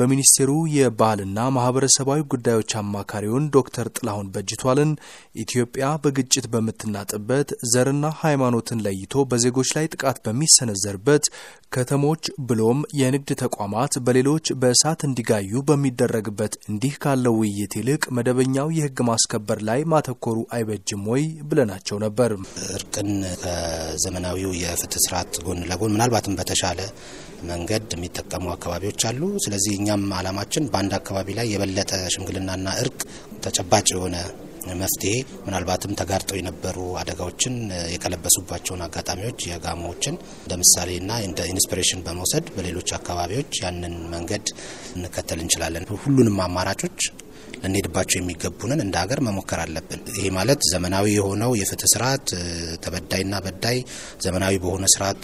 በሚኒስቴሩ የባህልና ማህበረሰባዊ ጉዳዮች አማካሪውን ዶክተር ጥላሁን በጅቷልን ኢትዮጵያ በግጭት በምትናጥበት ዘርና ሃይማኖትን ለይቶ በዜጎች ላይ ጥቃት በሚሰነዘርበት ከተሞች ብሎም የንግድ ተቋማት በሌሎች በእሳት እንዲጋዩ በሚደረግበት እንዲህ ካለው ውይይት ይልቅ መደበኛው የህግ ማስከበር ላይ ማተኮሩ አይበጅም ወይ ብለናቸው ነበር። እርቅን ከዘመናዊው የፍትህ ስርዓት ጎን ለጎን ምናልባትም በተሻለ መንገድ የሚጠቀሙ አካባቢዎች አሉ። ስለዚህ እኛም አላማችን በአንድ አካባቢ ላይ የበለጠ ሽምግልናና እርቅ ተጨባጭ የሆነ መፍትሄ ምናልባትም ተጋርጠው የነበሩ አደጋዎችን የቀለበሱባቸውን አጋጣሚዎች የጋሞዎችን እንደ ምሳሌና እንደ ኢንስፒሬሽን በመውሰድ በሌሎች አካባቢዎች ያንን መንገድ እንከተል እንችላለን። ሁሉንም አማራጮች ልንሄድባቸው የሚገቡንን እንደ ሀገር መሞከር አለብን። ይሄ ማለት ዘመናዊ የሆነው የፍትህ ስርዓት ተበዳይና በዳይ ዘመናዊ በሆነ ስርዓት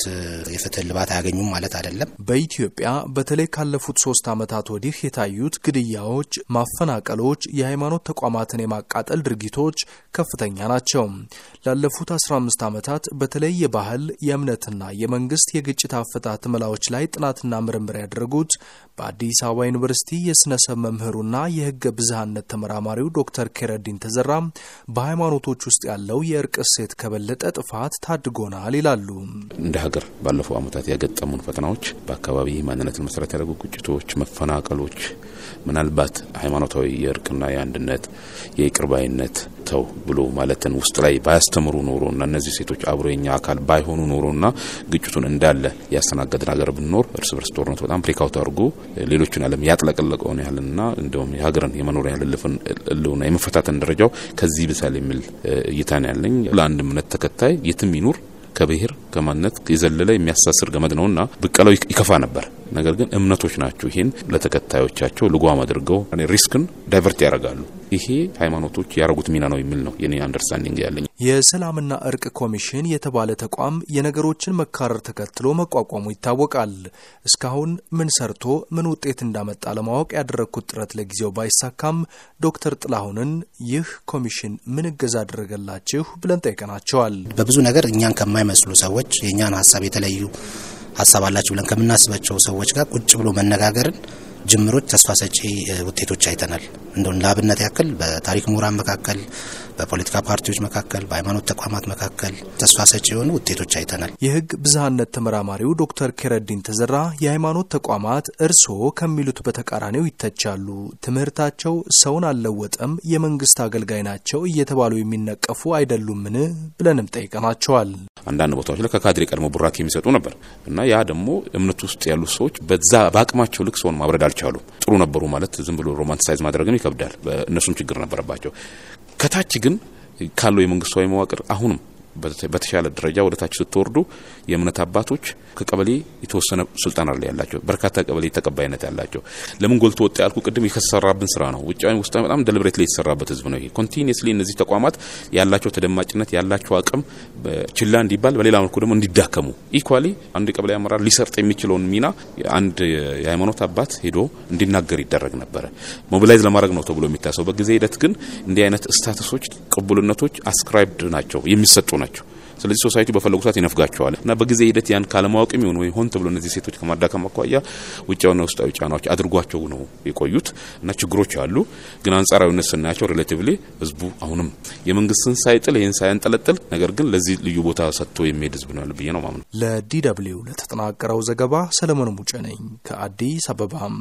የፍትህ ልባት አያገኙም ማለት አይደለም። በኢትዮጵያ በተለይ ካለፉት ሶስት ዓመታት ወዲህ የታዩት ግድያዎች፣ ማፈናቀሎች፣ የሃይማኖት ተቋማትን የማቃጠል ድርጊቶች ከፍተኛ ናቸው። ላለፉት 15 ዓመታት በተለይ የባህል የእምነትና የመንግስት የግጭት አፈታት መላዎች ላይ ጥናትና ምርምር ያደረጉት በአዲስ አበባ ዩኒቨርሲቲ የሥነ ሰብ መምህሩና የሕገ ብዝሃነት ተመራማሪው ዶክተር ኬረዲን ተዘራ በሃይማኖቶች ውስጥ ያለው የእርቅ እሴት ከበለጠ ጥፋት ታድጎናል ይላሉ። እንደ ሀገር ባለፈው ዓመታት ያገጠሙን ፈተናዎች በአካባቢ ማንነትን መሰረት ያደረጉ ግጭቶች፣ መፈናቀሎች ምናልባት ሃይማኖታዊ የእርቅና የአንድነት የይቅር ተው ብሎ ማለትን ውስጥ ላይ ባያስተምሩ ኖሮና እነዚህ ሴቶች አብሮ የኛ አካል ባይሆኑ ኖሮና ግጭቱን እንዳለ ያስተናገድን ሀገር ብንኖር እርስ በርስ ጦርነት በጣም ፕሪካውት አድርጎ ሌሎቹን ዓለም ያጥለቀለቀው ነው ያለንና እንደውም የሀገርን የመኖሪያ ልልፍን እልውና የመፈታተን ደረጃው ከዚህ ብሳል የሚል እይታ ያለኝ። ለአንድ እምነት ተከታይ የትም ይኑር ከብሔር ከማንነት የዘለለ የሚያሳስር ገመድ ነውና ብቀለው ይከፋ ነበር። ነገር ግን እምነቶች ናቸው ይህን ለተከታዮቻቸው ልጓም አድርገው ሪስክን ዳይቨርት ያደርጋሉ። ይሄ ሃይማኖቶች ያረጉት ሚና ነው የሚል ነው የኔ አንደርስታንዲንግ ያለኝ። የሰላምና እርቅ ኮሚሽን የተባለ ተቋም የነገሮችን መካረር ተከትሎ መቋቋሙ ይታወቃል። እስካሁን ምን ሰርቶ ምን ውጤት እንዳመጣ ለማወቅ ያደረግኩት ጥረት ለጊዜው ባይሳካም ዶክተር ጥላሁንን ይህ ኮሚሽን ምን እገዛ አደረገላችሁ ብለን ጠይቀናቸዋል። በብዙ ነገር እኛን ከማይመስሉ ሰዎች የእኛን ሀሳብ የተለዩ ሀሳብ አላቸው ብለን ከምናስባቸው ሰዎች ጋር ቁጭ ብሎ መነጋገርን ጅምሮች ተስፋ ሰጪ ውጤቶች አይተናል። እንደውም ለአብነት ያክል በታሪክ ምሁራን መካከል፣ በፖለቲካ ፓርቲዎች መካከል፣ በሃይማኖት ተቋማት መካከል ተስፋ ሰጪ የሆኑ ውጤቶች አይተናል። የህግ ብዝሃነት ተመራማሪው ዶክተር ኬረዲን ተዘራ የሃይማኖት ተቋማት እርስዎ ከሚሉት በተቃራኒው ይተቻሉ፣ ትምህርታቸው ሰውን አልለወጠም፣ የመንግስት አገልጋይ ናቸው እየተባሉ የሚነቀፉ አይደሉምን? ብለንም ጠይቀናቸዋል። አንዳንድ ቦታዎች ላይ ከካድሬ ቀድሞ ቡራኬ የሚሰጡ ነበር እና ያ ደግሞ እምነት ውስጥ ያሉ ሰዎች በዛ በአቅማቸው ልክ ሰውን ማብረድ አልቻሉም። ጥሩ ነበሩ ማለት ዝም ብሎ ሮማንቲሳይዝ ማድረግም ይከብዳል። እነሱም ችግር ነበረባቸው። ከታች ግን ካለው የመንግስታዊ መዋቅር አሁንም በተሻለ ደረጃ ወደ ታች ስትወርዱ የእምነት አባቶች ከቀበሌ የተወሰነ ስልጣን አለ ያላቸው በርካታ ቀበሌ ተቀባይነት ያላቸው ለምን ጎልቶ ወጣ ያልኩ ቅድም የተሰራብን ስራ ነው። ውጫዊ ውስጥ በጣም ደልብሬት ላይ የተሰራበት ህዝብ ነው። ይሄ ኮንቲኒስሊ እነዚህ ተቋማት ያላቸው ተደማጭነት ያላቸው አቅም ችላ እንዲባል፣ በሌላ መልኩ ደግሞ እንዲዳከሙ ኢኳሊ አንድ የቀበሌ አመራር ሊሰርጥ የሚችለውን ሚና አንድ የሃይማኖት አባት ሄዶ እንዲናገር ይደረግ ነበረ። ሞቢላይዝ ለማድረግ ነው ተብሎ የሚታሰው በጊዜ ሂደት ግን እንዲህ አይነት ስታተሶች ቅቡልነቶች አስክራይብድ ናቸው የሚሰጡ ናቸው። ስለዚህ ሶሳይቲ በፈለጉ ሰዓት ይነፍጋቸዋል እና በጊዜ ሂደት ያን ካለማወቅ ይሁን ወይ ሆን ተብሎ እነዚህ ሴቶች ከማዳከም አኳያ ውጫውና ውስጣዊ ጫናዎች አድርጓቸው ነው የቆዩት እና ችግሮች አሉ። ግን አንጻራዊነት ስናያቸው ሪሌቲቭሊ ህዝቡ አሁንም የመንግስትን ሳይጥል ይህን ሳያንጠለጥል፣ ነገር ግን ለዚህ ልዩ ቦታ ሰጥቶ የሚሄድ ህዝብ ነው ያለ ብዬ ነው ማምነው። ለዲ ደብልዩ ለተጠናቀረው ዘገባ ሰለሞን ሙጬ ነኝ ከአዲስ አበባም